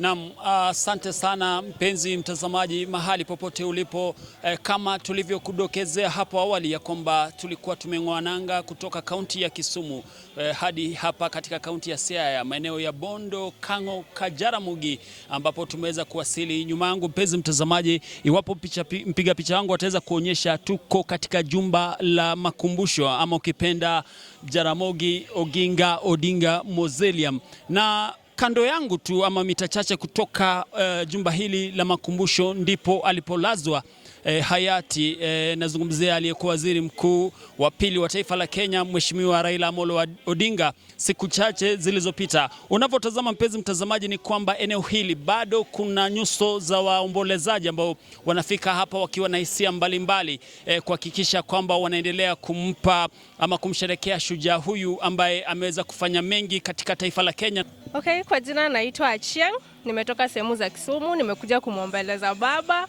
Naam, asante uh, sana mpenzi mtazamaji mahali popote ulipo eh, kama tulivyokudokezea hapo awali ya kwamba tulikuwa tumeng'oa nanga kutoka kaunti ya Kisumu eh, hadi hapa katika kaunti ya Siaya maeneo ya Bondo, Kang'o, kajaramogi ambapo tumeweza kuwasili. Nyuma yangu mpenzi mtazamaji, iwapo picha, mpiga picha wangu wataweza kuonyesha, tuko katika jumba la makumbusho ama ukipenda Jaramogi Oginga Odinga Mausoleum na kando yangu tu ama mita chache kutoka uh, jumba hili la makumbusho ndipo alipolazwa eh, hayati eh, nazungumzia aliyekuwa waziri mkuu wa pili wa taifa la Kenya Mheshimiwa Raila Amolo Odinga siku chache zilizopita. Unavyotazama mpenzi mtazamaji, ni kwamba eneo hili bado kuna nyuso za waombolezaji ambao wanafika hapa wakiwa na hisia mbalimbali eh, kuhakikisha kwamba wanaendelea kumpa ama kumsherekea shujaa huyu ambaye ameweza kufanya mengi katika taifa la Kenya. Okay, kwa jina naitwa Achieng, nimetoka sehemu za Kisumu, nimekuja kumwombeleza baba.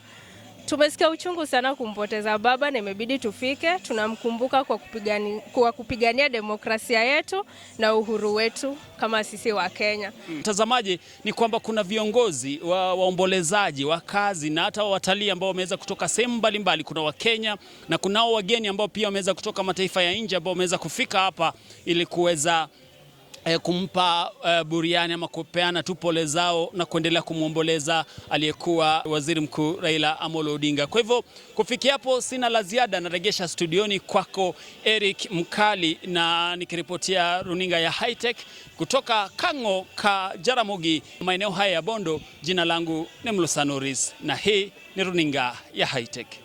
Tumesikia uchungu sana kumpoteza baba na imebidi tufike. Tunamkumbuka kwa kupigani, kwa kupigania demokrasia yetu na uhuru wetu kama sisi wa Kenya. Mtazamaji, mm, ni kwamba kuna viongozi wa waombolezaji, wakazi na hata watalii ambao wameweza kutoka sehemu mbalimbali. Kuna Wakenya na kunao wageni ambao pia wameweza kutoka mataifa ya nje ambao wameweza kufika hapa ili kuweza E, kumpa e, buriani ama kupeana tu pole zao na kuendelea kumwomboleza aliyekuwa Waziri Mkuu Raila Amolo Odinga. Kwa hivyo kufikia hapo sina la ziada, naregesha studioni kwako Eric Mkali na nikiripotia runinga ya Hitech kutoka Kang'o ka Jaramogi, maeneo haya ya Bondo. Jina langu ni mlusanoris na hii ni runinga ya Hitech.